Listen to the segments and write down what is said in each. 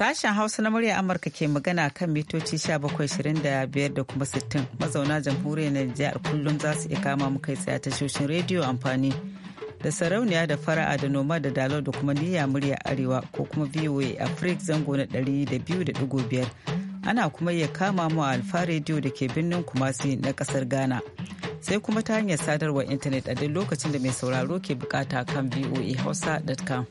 Sashen Hausa na murya Amurka ke magana kan mitoci 1725 da kuma 60 mazauna jamhuriyar Nijar kullum za su iya kama mu kai tsaye tashoshin rediyo amfani da sarauniya da fara'a da noma da dalo da kuma niyya murya arewa ko kuma VOA afrik zango na 200.5 ana kuma iya kama mu a alfa rediyo da ke birnin Kumasi na kasar Ghana. sai kuma ta hanyar sadarwar intanet a duk lokacin da mai sauraro ke bukata kan voa hausa.com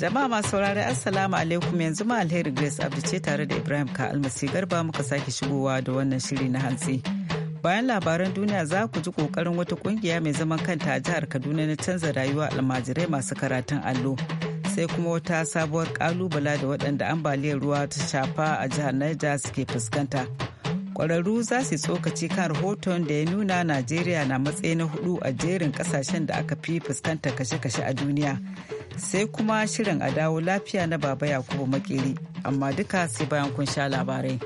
Jama'a masu saurari Assalamu alaikum yanzu ma alheri Grace Abdu ce tare da Ibrahim Ka Almasi Garba muka sake shigowa da wannan shiri na hantsi. Bayan labaran duniya za ku ji kokarin wata kungiya mai zaman kanta a jihar Kaduna na canza rayuwa almajirai masu karatun allo. Sai kuma wata sabuwar kalubala da waɗanda ambaliyar ruwa ta shafa a jihar Niger suke fuskanta. Kwararru za su tsokaci kan rahoton da ya nuna Najeriya na matsayi na hudu a jerin kasashen da aka fi fuskanta kashe-kashe a duniya. sai kuma shirin a dawo lafiya na baba yakubu makeri amma duka sai bayan kun sha labarai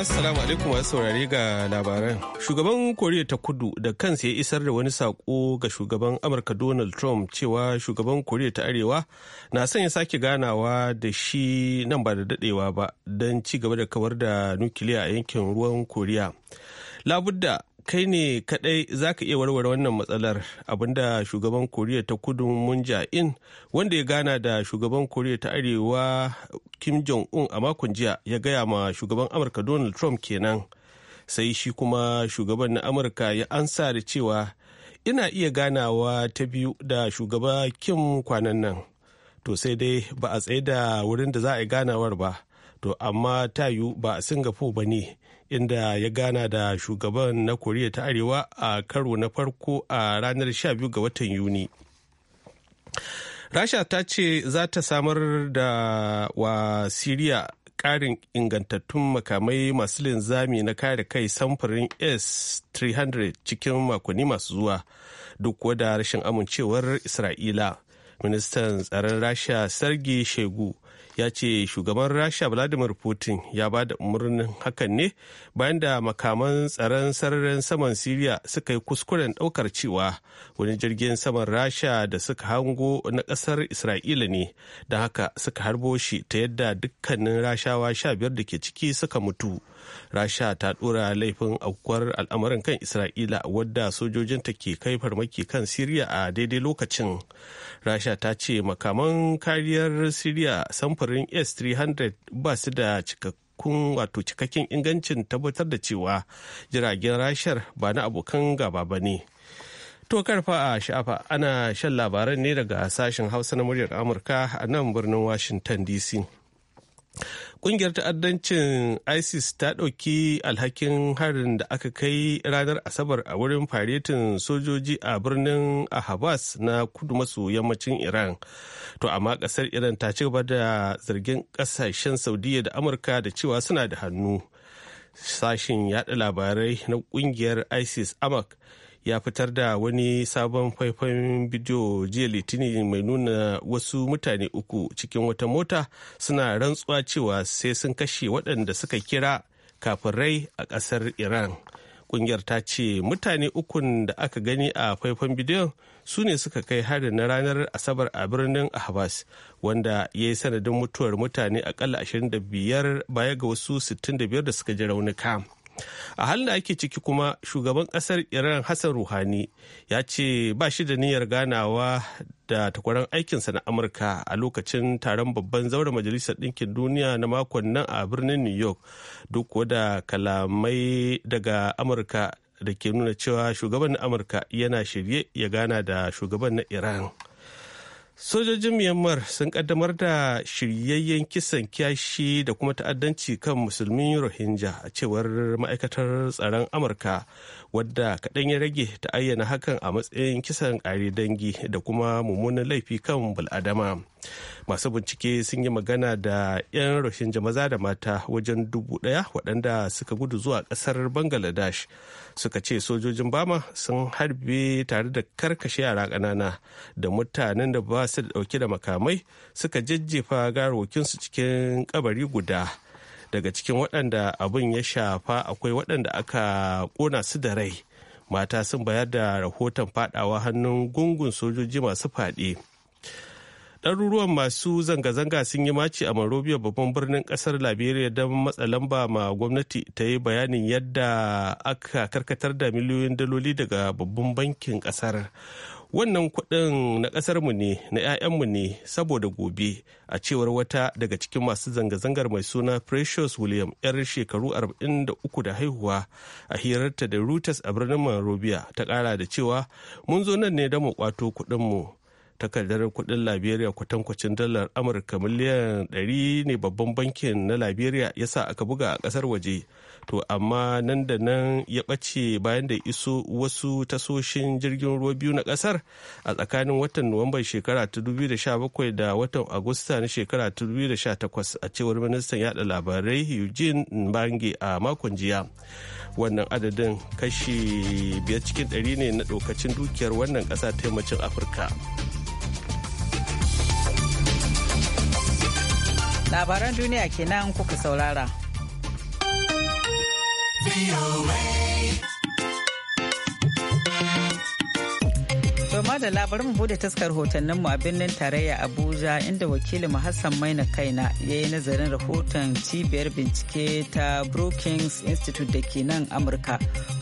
Assalamu alaikum ya saurare ga labaran. Shugaban Koriya ta Kudu da kansa ya isar da wani saƙo ga shugaban Amurka Donald Trump cewa shugaban Koriya ta Arewa na son ya sake ganawa da shi nan ba da dadewa ba don ci gaba da kawar da nukiliya a yankin ruwan Koriya. Labudda kai ne kadai za ka iya warware wannan matsalar abinda shugaban koriya ta kudu mun in wanda ya gana da shugaban koriya ta arewa kim jong-un a makon jiya ya gaya ma shugaban amurka donald trump kenan sai shi kuma shugaban na amurka ya ansa da cewa ina iya ganawa ta biyu da shugaba kim kwanan nan to sai dai ba a tsaye da wurin da za a yi ganawar ba to amma ta tayu ba a singapore ba ne inda ya gana da shugaban na koriya ta arewa a karo na farko a ranar 12 ga watan yuni rasha ta ce za ta samar da wa siriya karin ingantattun makamai masu linzami na kare kai samfurin s-300 cikin makonni masu zuwa duk da rashin amincewar isra'ila ministan tsaron rasha sergei shegu ya ce shugaban rasha vladimir putin ya ba da umarnin hakan ne bayan da makaman tsaron sararin saman siriya suka yi kuskuren daukar cewa wani jirgin saman rasha da suka hango na kasar isra'ila ne da haka suka harbo shi ta yadda dukkanin rashawa sha biyar da ke ciki suka mutu rasha ta dora laifin aukuwar al'amarin kan isra'ila wadda sojojinta ke kai farmaki kan siriya a daidai lokacin rasha ta ce makaman kariyar siriya samfur samfurin s-300 ba su da cikakkun wato cikakken ingancin tabbatar da cewa jiragen rashar ba na abokan gaba ba ne to karfa a sha'afa ana shan labaran ne daga sashen hausa na muryar amurka a nan birnin washington dc Ƙungiyar ta'addancin ISIS ta ɗauki alhakin harin da aka kai ranar Asabar a wurin faretin sojoji a birnin Ahabas na kudu maso yammacin Iran. To amma ƙasar Iran ta ci gaba da zargin ƙasashen Saudiya da Amurka da cewa suna da hannu. Sashin yaɗa labarai na ƙungiyar ISIS Amak ya fitar da wani sabon faifan bidiyo jiya litinin mai nuna wasu mutane uku cikin wata mota suna rantsuwa cewa sai sun kashe waɗanda suka kira kafirai a ƙasar iran ƙungiyar ta ce mutane ukun da aka gani a faifan bidiyon su ne suka kai hari na ranar asabar a birnin ahabas wanda ya yi sanadin mutuwar mutane akalla 25 baya ga wasu 65 da suka ji raunuka. a halin da ake ciki kuma shugaban kasar iran hassan ruhani ya ce ba shi da niyyar ganawa da takwaran aikinsa na amurka a lokacin taron babban zauren majalisar ɗinkin duniya na makon nan a birnin new york duk da kalamai daga amurka da ke nuna cewa shugaban na amurka yana shirye ya gana da shugaban na iran sojojin myanmar sun kaddamar da shiryayyen kisan kyashi da kuma ta'addanci kan musulmin rohingya a cewar ma'aikatar tsaron amurka wadda kaɗan ya rage ta ayyana hakan a matsayin kisan ƙari dangi da kuma mummunan laifi kan bul'adama masu bincike sun yi magana da 'yan rohingya maza da mata wajen dubu ɗaya waɗanda suka gudu zuwa ƙasar bangladesh suka ce sojojin bama sun harbe tare da karkashe yara ƙanana da mutanen da ba da ɗauke da makamai suka jajjefa garwokinsu cikin kabari guda daga cikin waɗanda abin ya shafa akwai waɗanda aka ƙona su da rai mata sun bayar da rahoton fadawa hannun gungun sojoji masu faɗi ɗaruruwan masu zanga-zanga sun yi maci a marobiya babban birnin ƙasar Liberia don matsa lamba ma gwamnati ta yi bayanin yadda aka karkatar da miliyoyin daloli daga babban bankin ƙasar wannan kuɗin na ƙasarmu ne na 'ya'yanmu ne saboda gobe a cewar wata daga cikin masu zanga-zangar mai suna precious william 'yar shekaru 43 da haihuwa a hirarta da reuters a birnin monrovia ta ƙara da cewa mun zo nan ne don mu kwato kuɗinmu takardar kudin liberia kwatankwacin dalar amurka miliyan 100 ne babban bankin na liberia ya sa aka buga a kasar waje to amma nan da nan ya ɓace bayan da iso wasu tasoshin jirgin ruwa biyu na kasar a tsakanin watan nuwamban shekara ta 2017 da watan agusta na shekara ta 2018 a cewar ministan yada labarai eugene mbange a makon jiya wannan adadin kashi biyar cikin ɗari ne na ɗaukacin dukiyar wannan ƙasa ta yammacin afirka labaran duniya kenan kuka saurara. To da labar mu bude taskar hotonnin mu a birnin tarayya Abuja inda wakilin Hassan Maina Kaina ya yi nazarin rahoton cibiyar bincike ta Brookings Institute da ke nan Amurka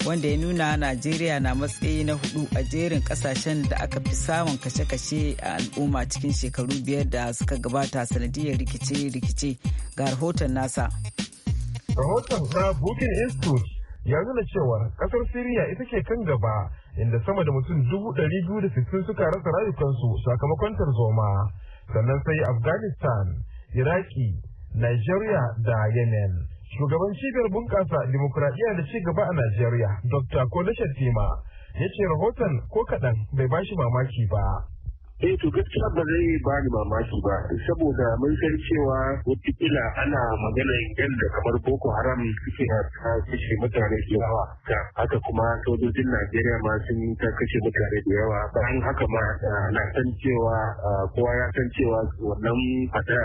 wanda ya nuna Najeriya na matsayi na hudu a jerin kasashen da aka fi samun kashe-kashe a al'umma cikin shekaru biyar da suka gabata sanadiyar rikice-rikice ga rahoton nasa. Rahoton na Brookings Institute ya nuna cewa kasar Siriya ita ke kan gaba inda sama da mutum dubu ɗari biyu da sittin suka rasa rayukansu sakamakon tarzoma sannan sai afghanistan iraki nigeria da yemen shugaban cibiyar bunƙasa dimokuraɗiyya da ci gaba a nigeria dr kodashen tima ya ce rahoton ko kaɗan bai bashi mamaki ba eh to gaskiya ba zai ba ni mamaki ba saboda mun san cewa wataƙila ana magana yadda kamar boko haram suke ta kashe mutane da yawa haka kuma sojojin najeriya ma sun ta kashe mutane da yawa bayan haka ma eh, na san cewa eh, kowa ya san cewa wannan fada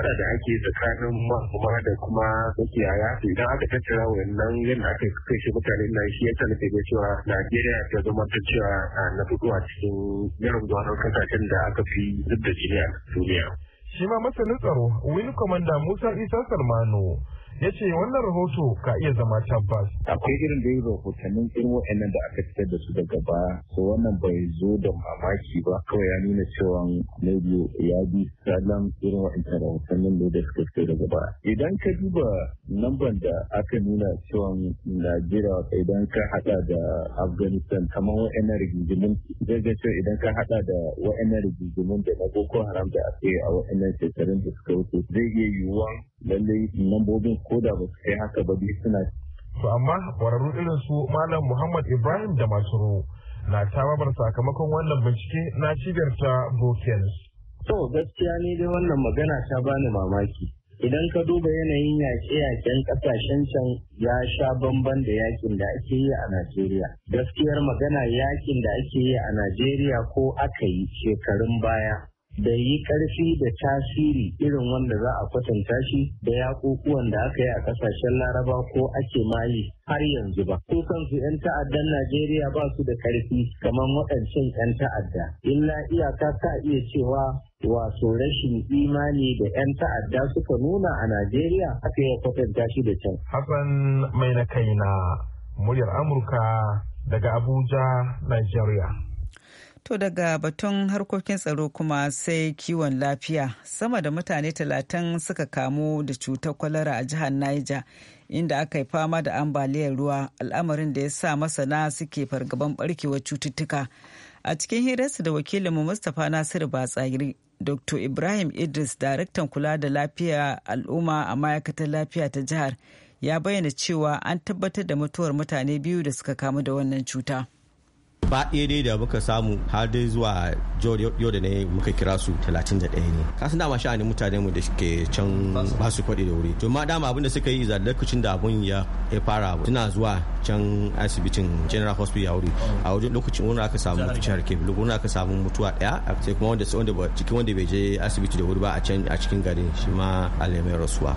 eh, da ake tsakanin manoma da kuma makiyaya idan aka tattara wannan yadda aka kashe mutane na shi ya da cewa najeriya ta zama ta cewa na fito a cikin yaron na kasashe kasashen da aka fi duk da jini a duniya. Shi ma masanin tsaro Wing Kwamanda Musa Isa Salmano ya ce wannan rahoto ka iya zama tabbas. Akwai irin da rahotannin irin wa'annan da aka fitar da su daga baya, so wannan bai zo da mamaki ba kawai ya nuna cewa Nabi ya bi salon irin wa'annan rahotannin da suka fitar daga baya. Idan ka duba lamban da aka nuna cewa Najeriya idan ka hada da Afghanistan kamar wa'annan rigingimin zai ga cewa idan ka haɗa da wa'annan rigingimin da na Boko Haram da aka yi a wa'annan shekarun da suka wuce zai iya yiwuwa lallai lambobin ko da ba su kai haka ba biyu suna to amma kwararru irin su malam muhammad ibrahim da masoro na tababar sakamakon wannan bincike na cibiyar ta brookings to gaskiya ne dai wannan magana ta bani mamaki idan ka duba yanayin yaƙe-yaƙen ƙasashen can ya sha bamban da yakin da ake yi a Najeriya. Gaskiyar magana yakin da ake yi a Najeriya ko aka yi shekarun baya da yi ƙarfi da tasiri irin wanda za a kwatanta shi da yaƙuƙuwan da aka yi a ƙasashen laraba ko ake mali har yanzu ba. Ko kansu 'yan ta'addan Najeriya ba su da ƙarfi kamar waɗancan 'yan ta'adda. Illa iyaka ka iya cewa wato rashin imani da 'yan ta'adda suka nuna a Najeriya aka yi kwatanta shi da can. Hassan mai na kai na muryar Amurka daga Abuja, Najeriya. To daga batun harkokin tsaro kuma sai kiwon lafiya sama da mutane talatin suka kamu da cutar kwalara a jihar Niger inda aka yi fama da ambaliyar ruwa al'amarin da ya sa masana suke fargaban barkewar cututtuka. A cikin hirarsa da wakilinmu Mustapha Nasiru Batsagiri, Dr. Ibrahim Idris, daraktan kula da lafiya al'umma a ma'aikatar lafiya ta jihar, ya bayyana cewa an tabbatar da mutuwar mutane biyu da suka kamu da wannan cuta. gaba ɗaya dai da muka samu har dai zuwa yau da ne muka kira su 31 ne kasan dama sha'anin mutane mu da ke can ba su kwaɗe da wuri to ma dama abin da suka yi za lokacin da abun ya fara suna zuwa can asibitin general hospital yauri a wajen lokacin wani aka samu mutuwar ke wani aka samu mutuwa ɗaya sai kuma wanda cikin wanda bai je asibiti da wuri ba a can a cikin garin shi ma alamai rasuwa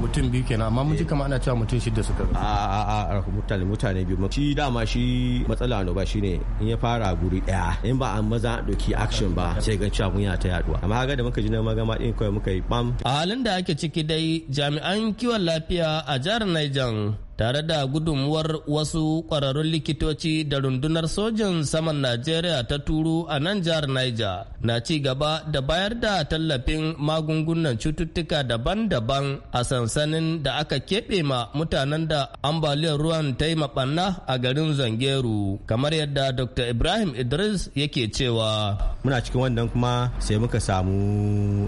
mutum biyu kenan amma mun ji kamar ana cewa mutum shida suka rasu a a a mutane mutane biyu shi dama shi matsala no ba shine in ya fara a guri ɗaya in ba a maza doki action ba sai ga cewa mun ta yaduwa amma haka da muka ji na magama din kawai muka yi bam a halin da ake ciki dai jami'an kiwon lafiya a jihar Niger tare da gudunmuwar wasu kwararrun likitoci da rundunar sojin saman Najeriya ta turu a nan jihar Niger na ci gaba da bayar da tallafin magungunan cututtuka daban-daban a sansanin da aka keɓe ma mutanen da ambaliyar ruwan ta yi a garin Zangeru kamar yadda Dr. Ibrahim Idris yake cewa. Muna cikin wannan kuma sai muka samu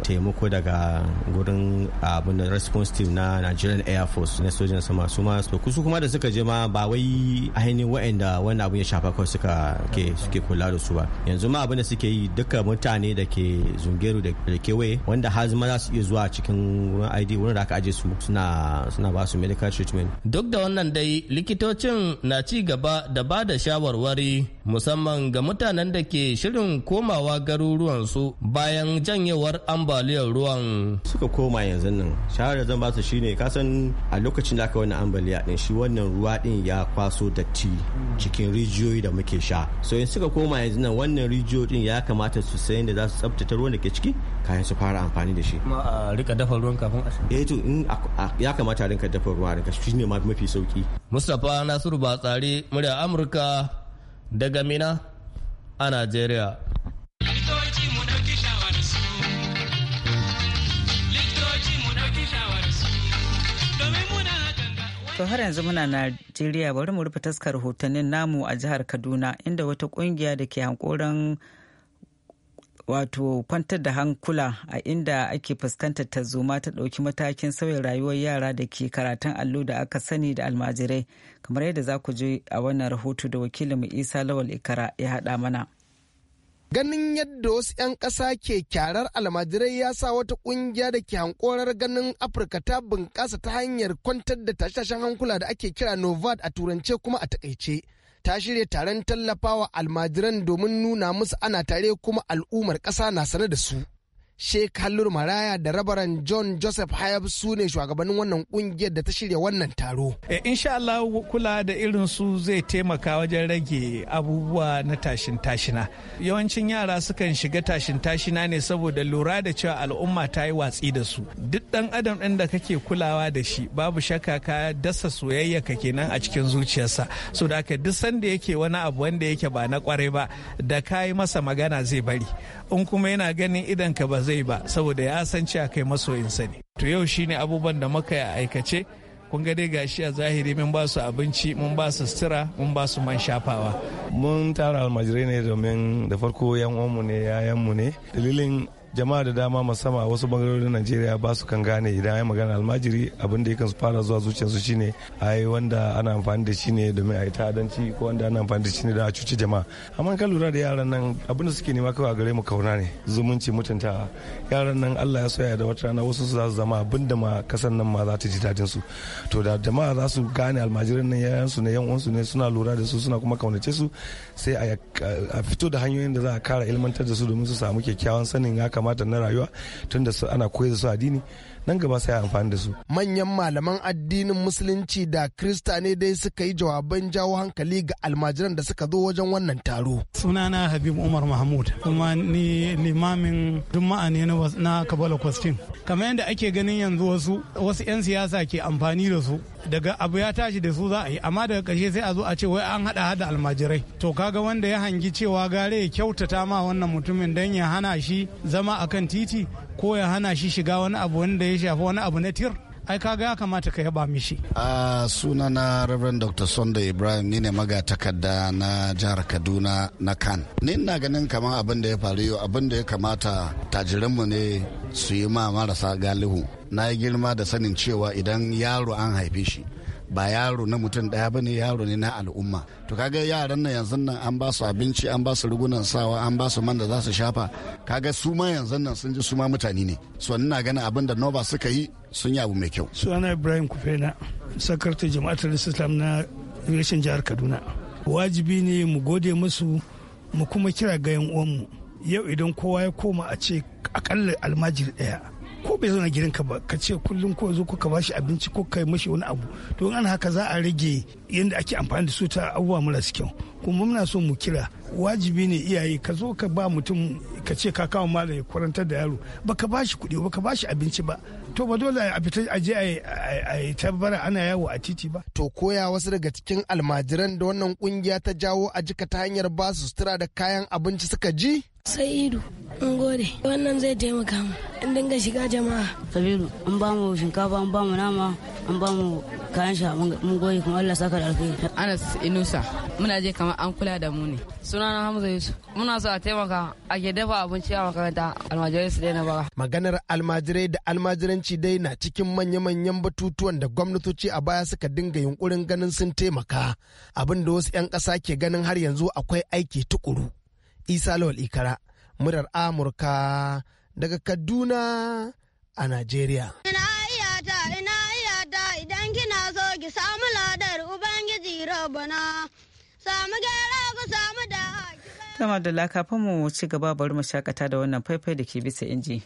taimako daga gurin abin response team na Nigerian Air Force na sojan sama su ma su su kuma da suka je ma ba wai ainihin wa'anda wannan abu ya shafa kawai suka ke suke kula da su ba yanzu ma abin da suke yi duka mutane da ke zungeru da kewaye wanda har zama za su iya zuwa cikin wurin ID wurin da aka aje su suna suna ba su medical treatment duk da wannan dai likitocin na ci gaba da ba da shawarwari musamman ga mutanen da ke shirin komawa garuruwansu bayan janyewar ambaliyar ruwan suka koma yanzu nan shawarar zan ba su shine kasan a lokacin da aka wani ambaliya duniya shi wannan ruwa din ya kwaso datti cikin rijiyoyi da muke sha so in suka koma yanzu nan wannan rijiyo din ya kamata su sayan da za su tsabtace ruwan da ke ciki kayan su fara amfani da shi kuma a rika dafa ruwan kafin a sha eh to in ya kamata a rinka dafa ruwa rinka shi ne mafi sauki Mustapha Nasiru Batsari murya Amurka daga Mina a Najeriya To har yanzu muna Najeriya bari mu rufe taskar hotonin namu a jihar Kaduna inda wata kungiya da ke hankoran wato kwantar da hankula a inda ake fuskantar tarzoma ta ɗauki matakin sauyin rayuwar yara da ke karatun allo da aka sani da almajirai kamar yadda za ku je a wannan rahoto da wakilinmu isa lawal ikara ya haɗa mana. Ganin yadda wasu 'yan ƙasa ke kyarar almajirai ya sa wata ƙungiya da ke hankorar ganin Afirka ta bunƙasa ta hanyar kwantar da tashe-tashen hankula da ake kira Novad a turance kuma a takaice. ta shirya taron tallafawa almajiran domin nuna musu ana tare kuma al'ummar ƙasa na sane da su. Sheikh Maraya da Rabaran John Joseph Hayab su ne shugabannin wannan kungiyar da ta shirya wannan taro. E, insha Allah kula da irin su zai taimaka wajen rage abubuwa na tashin tashina. Yawancin yara sukan shiga tashin tashina ne saboda lura da cewa al'umma ta yi watsi da su. Duk dan adam ɗin da kake kulawa da shi babu shakka ka dasa soyayya ka kenan a cikin zuciyarsa. So da duk sanda yake wani abu wanda yake ba na kwarai ba da kayi masa magana zai bari. in kuma yana ganin idan ba zai ba saboda ya san cewa kai masoyinsa ne to yau shine abubuwan da muka yi a aikace kun ga dai gashi a zahiri mun ba su abinci mun ba su sutura mun ba su man shafawa mun tara almajirai ne domin da farko yan uwanmu ne mu ne dalilin jama'a da dama musamman a wasu bangarorin najeriya ba su kan gane idan ya magana almajiri abin da yakan su fara zuwa zuciyarsu shine ai wanda ana amfani da shi ne domin a yi ta'adanci ko wanda ana amfani da shi ne don a cuci jama'a amma kan lura da yaran nan abin da suke nema kawai a gare mu kauna ne zumunci mutuntawa yaran nan allah ya soya da wata rana wasu su za su zama abin da ma kasan nan ma za ta ji dadin su to da jama'a za su gane almajirin nan yayan su ne yan uwansu ne suna lura da su suna kuma kaunace su sai a fito da hanyoyin da za a kara ilmantar da su domin su samu kyakkyawan sanin ya kamata na rayuwa tunda ana koyar da su addini nan gaba sai amfani da su manyan malaman addinin musulunci da krista ne dai suka yi jawaban jawo hankali ga almajiran da suka zo wajen wannan taro sunana habib umar mahmud kuma ni limamin juma'a ne na kabala kwastin kamar yadda ake ganin yanzu wasu wasu 'yan siyasa ke amfani da su daga abu ya tashi da su za a yi amma daga ƙarshe sai a zo a ce wai an haɗa hada almajirai to kaga wanda ya hangi cewa gare ya kyautata ma wannan mutumin don ya hana shi zama akan titi ko ya hana shi shiga wani abu wanda ya shafi wani abu na tir ai kaga ya kamata ka yaba mishi. A suna na Reverend Dr. Sunday Ibrahim ni ne magatakarda na jihar Kaduna na Kan. Ni na ganin kamar abin da ya faru yau abin da ya kamata tajirinmu ne su yi ma marasa galihu. Na yi girma da sanin cewa idan yaro an haife shi ba yaro na mutum daya ba ne yaro ne na al'umma to kaga yaran nan yanzu nan an ba su abinci an ba su rigunan sawa an ba su man da za su shafa kaga su ma yanzu nan sun ji su ma mutane ne so ina ganin abin da nova suka yi sun yi mai kyau sunana ibrahim kufena sakarta jama'atar islam na rashin jihar kaduna wajibi ne mu gode musu mu kuma kira ga yan mu yau idan kowa ya koma a ce akalla almajiri daya ko bai zauna gidan ka ba ka ce kullum ko zo ko ka bashi abinci ko ka mashi wani abu to in ana haka za a rage yadda ake amfani da su ta abubuwa marasa kyau kuma muna so mu kira wajibi ne iyaye ka zo ka ba mutum ka ce ka kawo malam ya kwarantar da yaro ba baka bashi kuɗi ka bashi abinci ba to ba dole a fita a je a yi tabbara ana yawo a titi ba to koya wasu daga cikin almajiran da wannan kungiya ta jawo a jika ta hanyar ba su sutura da kayan abinci suka ji Sa'idu, in gode. Wannan zai taimaka mu in dinga shiga jama'a. Sabiru, an ba mu shinkafa, an ba mu nama, an ba mu kayan sha mun goyi kuma Allah saka da alkhairi. Anas Inusa, muna je kamar an kula da mu ne. Sunana Hamza Yusuf, muna so a taimaka a ke dafa abinci a makaranta almajirai su daina bara. Maganar almajirai da almajiranci dai na cikin manya-manyan batutuwan da gwamnatoci a baya suka dinga yunkurin ganin sun taimaka. Abin da wasu 'yan ƙasa ke ganin har yanzu akwai aiki tukuru. isa lawal ikara murar amurka daga kaduna a najeriya ina iyata ina iyata idan kina so ki samu ladar ubangiji rabana samu gyara ku samu da Tama da kafin mu ci gaba bari mu shakata da wannan faifai da ke bisa inji.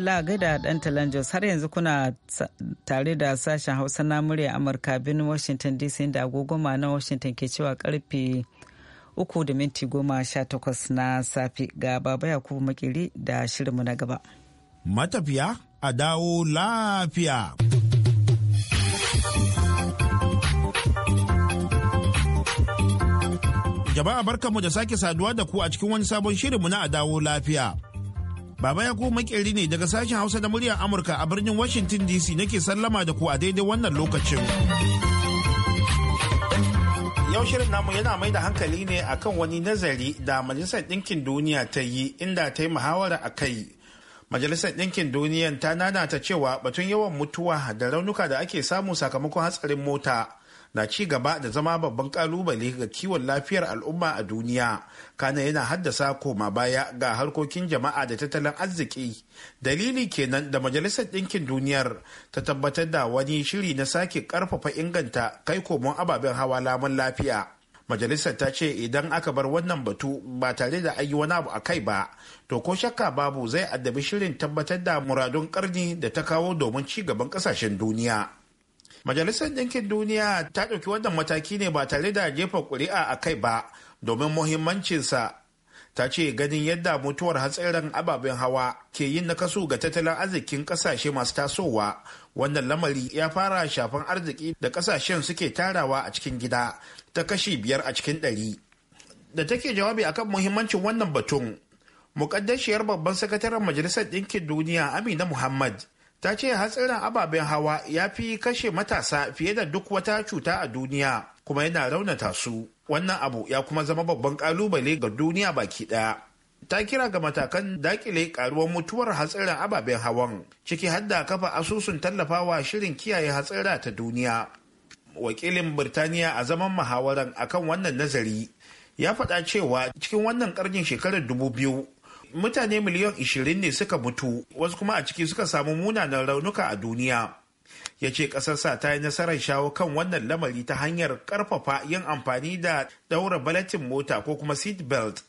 madalla da dan talanjos har yanzu kuna tare da sashen hausa na murya amurka bin washington dc da agogoma na washington ke cewa karfe uku da minti goma sha takwas na safi ga baba yakubu makiri da shirinmu na gaba matafiya a dawo lafiya jama'a barkanmu da sake saduwa da ku a cikin wani sabon shirinmu na a dawo lafiya Baba ya kuma makeri ne daga sashen Hausa da muryar Amurka a birnin Washington DC nake sallama da ku a daidai wannan lokacin. Yau shirin namu yana mai da hankali ne akan wani nazari da Majalisar Ɗinkin Duniya ta yi inda ta yi muhawara a kai. Majalisar Ɗinkin Duniya ta nanata cewa batun yawan mutuwa da raunuka da ake samu sakamakon hatsarin mota na ci gaba da zama babban kalubale ga kiwon lafiyar al'umma a duniya kana yana haddasa koma baya ga harkokin jama'a da tattalin arziki dalili kenan da majalisar ɗinkin duniyar ta tabbatar da wani shiri na sake karfafa inganta kai komon ababen hawa lamun lafiya majalisar ta ce idan aka bar wannan batu ba tare da ayi wani abu a kai ba to ko shakka babu zai addabi shirin tabbatar da muradun karni da ta kawo domin ci gaban ƙasashen duniya Majalisar Ɗinkin Duniya ta ɗauki wannan mataki ne ba tare da jefa ƙuri'a a kai ba domin muhimmancinsa. Ta ce ganin yadda mutuwar hatsarin ababen hawa ke yin nakasu ga tattalin arzikin ƙasashe masu tasowa wannan lamari ya fara shafan arziki da ƙasashen suke tarawa a cikin gida ta kashi biyar a cikin ɗari. Da take jawabi akan muhimmancin wannan batun, muƙaddashiyar babban sakataren Majalisar Ɗinkin Duniya Amina Muhammad ta ce hatsarin ababen hawa ya fi kashe matasa fiye da duk wata cuta a duniya kuma yana raunata su wannan abu ya kuma zama babban kalubale ga duniya baki daya ta kira ga matakan dakile karuwar mutuwar hatsarin ababen hawan ciki har da kafa asusun tallafawa shirin kiyaye hatsara ta duniya wakilin birtaniya a zaman muhawaran akan wannan nazari ya faɗa cewa cikin wannan ƙarnin shekarar dubu biyu mutane miliyan 20 ne suka mutu wasu kuma a ciki suka samu munanan raunuka a duniya ya ce ƙasarsa ta yi nasarar shawo kan wannan lamari ta hanyar ƙarfafa yin amfani da ɗaura balatin mota ko kuma seat belt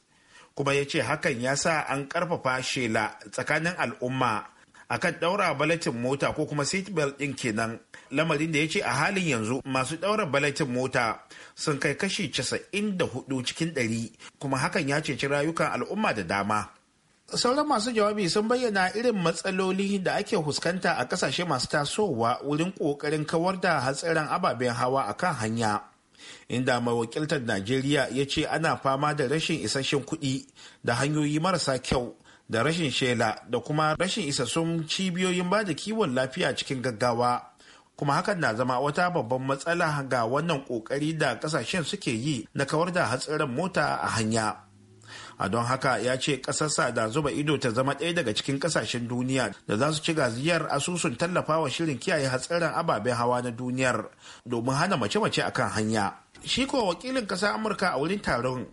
kuma ya ce hakan ya sa an ƙarfafa shela tsakanin al'umma akan ɗaura balatin mota ko kuma seat belt ɗin kenan lamarin da ya ce a halin yanzu masu ɗaura balatin mota sun kai kashi 94 cikin 100 kuma hakan ya ceci rayukan al'umma da dama sauran masu jawabi sun bayyana irin matsaloli da ake fuskanta a kasashe masu tasowa wurin kokarin kawar da hatsarin ababen hawa a kan hanya inda mawakiltar najeriya ya ce ana fama da rashin isasshen kuɗi da hanyoyi marasa kyau da rashin shela da kuma rashin isassun cibiyoyin ba da kiwon lafiya cikin gaggawa kuma hakan na zama wata babban matsala ga wannan kokari da kasashen suke yi na kawar da hatsarin mota a hanya a don haka ya ce ƙasarsa da zuba ido ta zama ɗaya daga cikin ƙasashen duniya da za su ci gaziyar asusun tallafawa shirin kiyaye hatsarin ababen hawa na duniyar domin hana mace-mace a kan hanya shi ko wakilin ƙasar amurka a wurin taron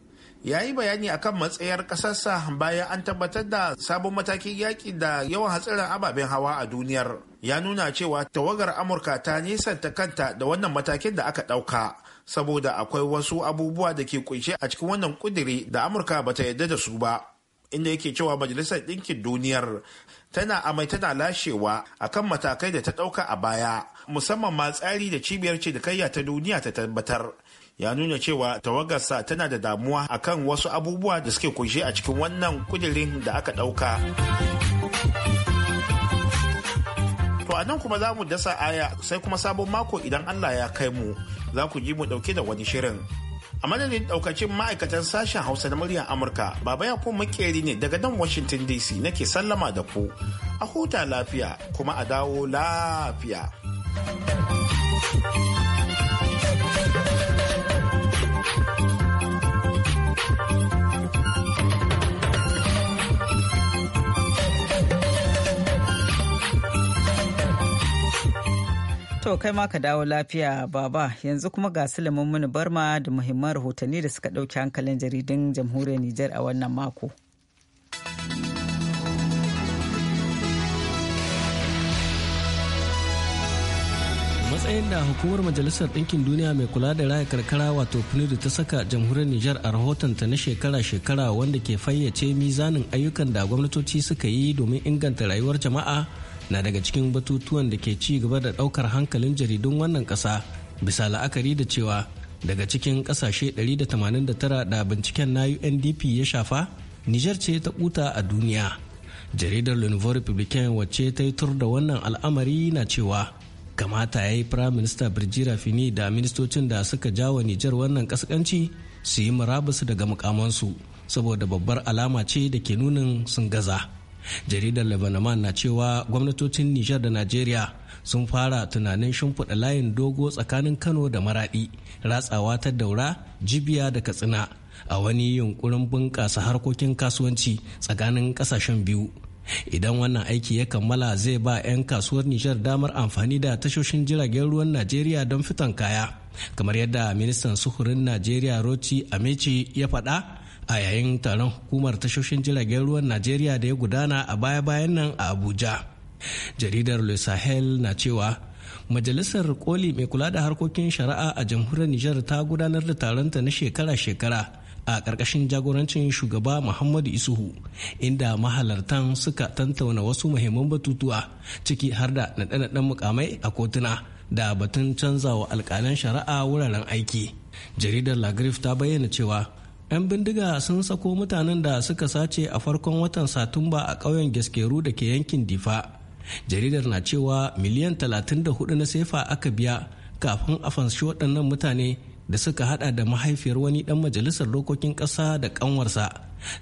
ya yi bayani akan matsayar ƙasarsa bayan an tabbatar da sabon matakin yaƙi da yawan hatsarin ababen hawa a duniyar ya nuna cewa tawagar amurka ta nisanta kanta da wannan matakin da aka ɗauka saboda akwai wasu abubuwa da ke kunshe a cikin wannan kuduri da amurka ba ta yadda da su ba inda yake cewa majalisar ɗinkin duniyar tana amai tana lashewa akan matakai da ta ɗauka a baya musamman ma tsari da cibiyar kaiya ta duniya ta tabbatar ya nuna cewa tawagarsa tana da damuwa akan wasu abubuwa da suke kunshe a cikin wannan kudirin da aka ɗauka. To a nan kuma za mu dasa aya sai kuma sabon mako idan Allah ya kai mu za ku ji mu dauke da wani shirin. A madadin daukacin ma'aikatan sashen Hausa na muryar Amurka, Baba ya makeri ne daga nan Washington DC nake sallama da ku. A huta lafiya kuma a dawo lafiya. thank you To kai ma ka dawo lafiya baba yanzu kuma ga silimin mini barma da muhimman rahotanni da suka ɗauki hankalin jaridun jamhuriyar Nijar a wannan mako. matsayin da hukumar majalisar ɗinkin duniya mai kula da raya karkara wato da ta saka jamhuriyar nijar a rahotonta na shekara-shekara wanda ke fayyace mizanin ayyukan da gwamnatoci suka yi domin inganta rayuwar jama'a na daga cikin batutuwan da ke ci gaba da ɗaukar hankalin jaridun wannan ƙasa bisa la'akari da cewa daga cikin ƙasashe 189 da binciken na UNDP ya shafa Niger ce ta kuta a duniya. Jaridar Le Nouveau wacce ta yi tur da wannan al'amari na cewa kamata ya yi Firayim Minista Birjira Fini da ministocin da suka jawa Nijar wannan kaskanci su yi murabus daga mukamansu saboda babbar alama ce da ke nunin sun gaza. jaridar lebanon na cewa gwamnatocin nijar da najeriya sun fara tunanin shimfiɗa layin dogo tsakanin kano da maraɗi ratsawa ta daura jibiya da katsina a wani yunkurin bunƙasa harkokin kasuwanci tsakanin ƙasashen biyu idan wannan aiki ya kammala zai ba 'yan kasuwar nijar damar amfani da tashoshin jiragen ruwan najeriya don fitan kaya kamar yadda ministan sufurin najeriya roci amechi ya faɗa a yayin taron hukumar tashoshin jiragen ruwan najeriya da ya gudana a baya-bayan nan a abuja jaridar le sahel na cewa majalisar koli mai kula da harkokin shari'a a jamhuriyar nijar ta gudanar da taronta na shekara-shekara a ƙarƙashin jagorancin shugaba muhammadu isuhu inda mahalartan suka tantauna wasu muhimman batutuwa ciki har da naɗe-naɗen mukamai a kotuna da batun canzawa alƙalan shari'a wuraren aiki jaridar lagrif ta bayyana cewa 'yan bindiga sun sako mutanen da suka sace a farkon watan satumba a ƙauyen gaskeru da ke yankin difa jaridar na cewa miliyan 34 na sefa aka biya kafin a fanshi waɗannan mutane da suka hada da mahaifiyar wani ɗan majalisar dokokin ƙasa da ƙanwarsa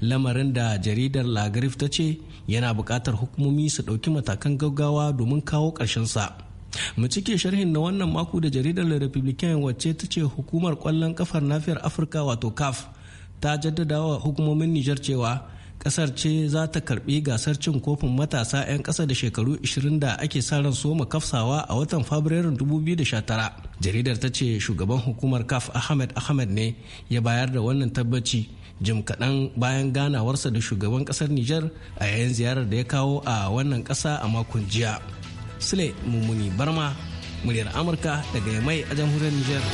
lamarin da jaridar lagrif ta ce yana buƙatar hukumomi su ɗauki matakan gaggawa domin kawo ƙarshensa. sa mu cike sharhin na wannan mako da jaridar le republican wacce ta ce hukumar ƙwallon kafar nafiyar afirka wato caf ta jaddada wa hukumomin Nijar cewa kasar ce za ta karbi gasar cin kofin matasa 'yan kasa da shekaru 20 da ake sa ran soma kafsawa a watan fabrairun 2019 jaridar ta ce shugaban hukumar kaf ahmed ahmed ne ya bayar da wannan tabbaci jim kaɗan bayan ganawarsa da shugaban ƙasar nijar a yayin ziyarar da ya kawo a wannan ƙasa a makon jiya sule mummuni barma muryar amurka daga mai a jamhuriyar nijar.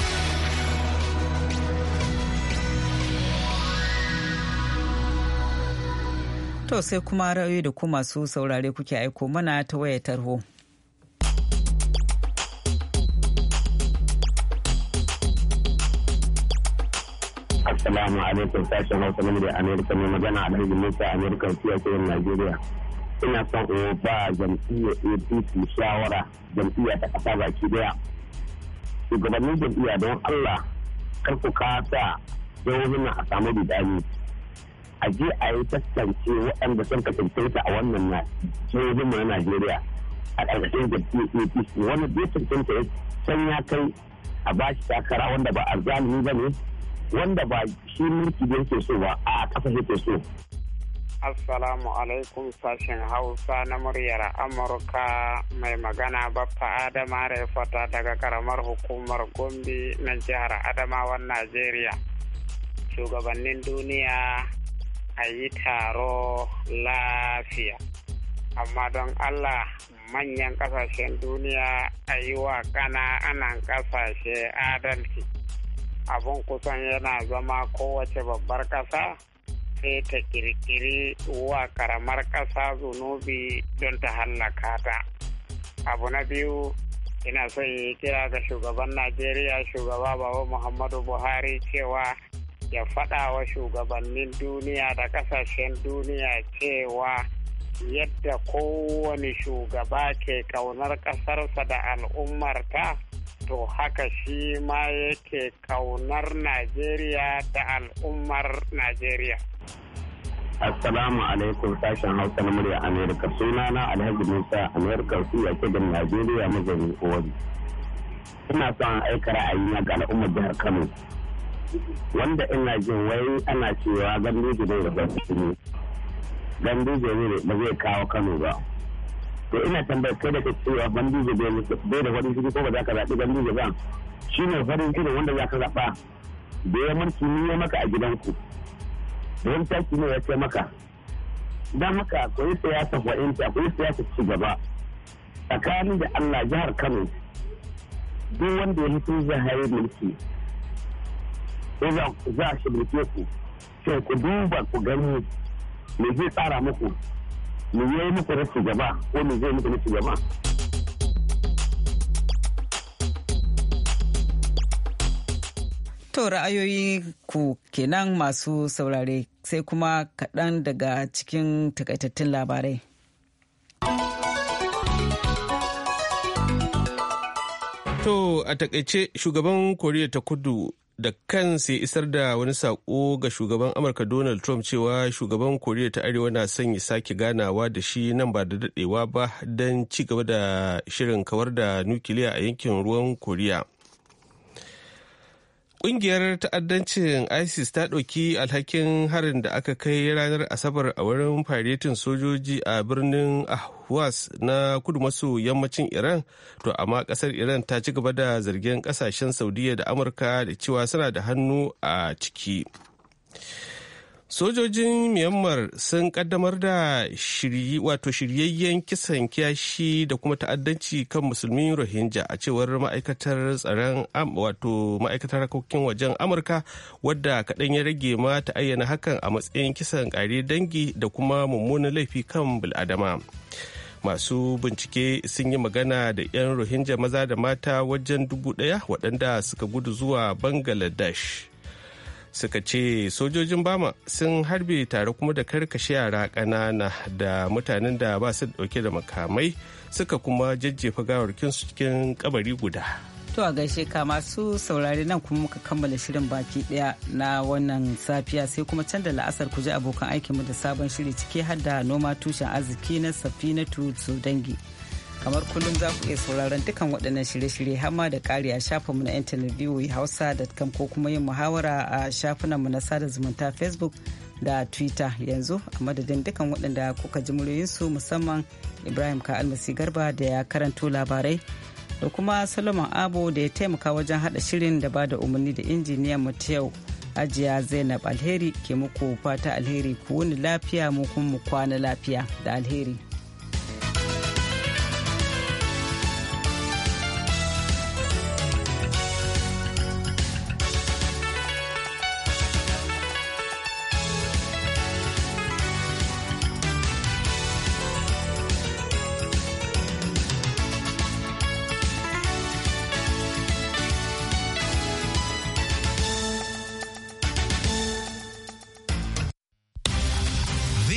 To sai kuma ra'ayoyi da ku masu saurare kuke aiko mana ta waya tarho. Assalamu alaikum sashen Hausa na da Amerika mai magana a ɗargin Musa Amerika fiye kuyin Najeriya. Ina son in ba jam'iyyar APC shawara jam'iyya ta ƙasa baki daya. Shugabannin jam'iyya don Allah kar ku kasa jihohin a samu bidani a je a yi tattance waɗanda sun ka tattauta a wannan na sojojinmu na Najeriya a ƙarƙashin da PAPC wani bai cancanta ya san ya kai a ba shi takara wanda ba a zalimi ba ne wanda ba shi mulki da yake so ba a ƙasa yake so. Assalamu alaikum sashen Hausa na muryar Amurka mai magana Baffa Adama Refata daga karamar hukumar Gombe na jihar Adamawan Najeriya. Shugabannin duniya a yi taro lafiya amma don allah manyan kasashen duniya a yi wa ana kasashe adalci abun kusan yana zama kowace babbar ƙasa sai ta kirkiri wa karamar ƙasa zunubi don ta hallaka ta abu na biyu ina son yi kira ga shugaban najeriya shugaba baba muhammadu buhari cewa ya faɗa wa shugabannin duniya da ƙasashen duniya cewa yadda kowane shugaba ke ƙaunar ƙasarsa da al'ummarta to haka shi ma yake ƙaunar najeriya da al'ummar najeriya Assalamu alaikum sashen Hausa na murya Amerika sunana Alhaji Musa Amerika su ya da Najeriya mazauni kowani Ina son aika ra'ayi na ga al'ummar jihar Kano wanda ina jin wai ana cewa ganduje ne da ne ganduje ne ba zai kawo kano ba to ina tambayar kai da cewa ganduje bai da wani jini ko ba za ka zaɓi ganduje ba shi ne farin ciki wanda za ka zaɓa da ya mulki ni ya maka a gidanku da yan taki ne ya ce maka dan maka ku yi siyasa ko ku yi siyasa ci gaba tsakanin da Allah jihar Kano duk wanda ya fito zai haye mulki in za a shirye ku sai ku duba ku gani me zai tsara muku me yi muku rashin gaba ko me zai muku rashin gaba. To ra'ayoyi ku kenan masu saurare sai kuma kaɗan daga cikin takaitattun labarai. To a takaice shugaban Koriya ta kudu da kansa ya isar da wani sako ga shugaban amurka donald trump cewa shugaban koriya ta arewa na son ya sake ganawa da shi nan ba da dadewa ba don ci gaba da shirin kawar da nukiliya a yankin ruwan koriya Ƙungiyar ta'addancin ISIS ta ɗauki alhakin harin da aka kai ranar Asabar a wurin faretin sojoji a birnin Ahwas na kudu maso yammacin Iran, to amma ƙasar Iran ta ci gaba da zargin ƙasashen Saudiya da Amurka da cewa suna da hannu a ciki. sojojin myanmar sun kaddamar da wato shiryayyen kisan kiyashi da kuma ta'addanci kan musulmi rohingya a cewar ma'aikatar tsaron wato ma'aikatar harkokin wajen amurka wadda kaɗan ya rage ma ta ayyana hakan a matsayin kisan ƙare dangi da kuma mummunan laifi kan bil'adama masu bincike sun yi magana da 'yan rohingya maza da mata wajen dubu ɗaya waɗanda suka gudu zuwa bangladesh suka ce sojojin bama sun harbe tare kuma da karkashe yara kanana da mutanen da ba su dauke da makamai suka kuma jajjefa kinsu cikin kabari guda to a gaishe ka masu saurare nan kuma muka kammala shirin baki daya na wannan safiya sai kuma can da la'asar ku ji abokan aikinmu da sabon shiri ciki har da noma tushen arziki na na su dangi. kamar kullum za ku iya sauraron dukkan waɗannan shirye-shirye hama da ƙari a shafinmu na intanet biyu hausa.com ko kuma yin muhawara a shafinanmu na sada zumunta facebook da twitter yanzu a madadin dukkan waɗanda kuka ji muryoyinsu musamman ibrahim ka almasi garba da ya karanto labarai da kuma solomon abo da ya taimaka wajen haɗa shirin da ba da umarni da injiniyan mu ajiya zainab alheri ke muku fata alheri ku wuni lafiya mu kuma mu kwana lafiya da alheri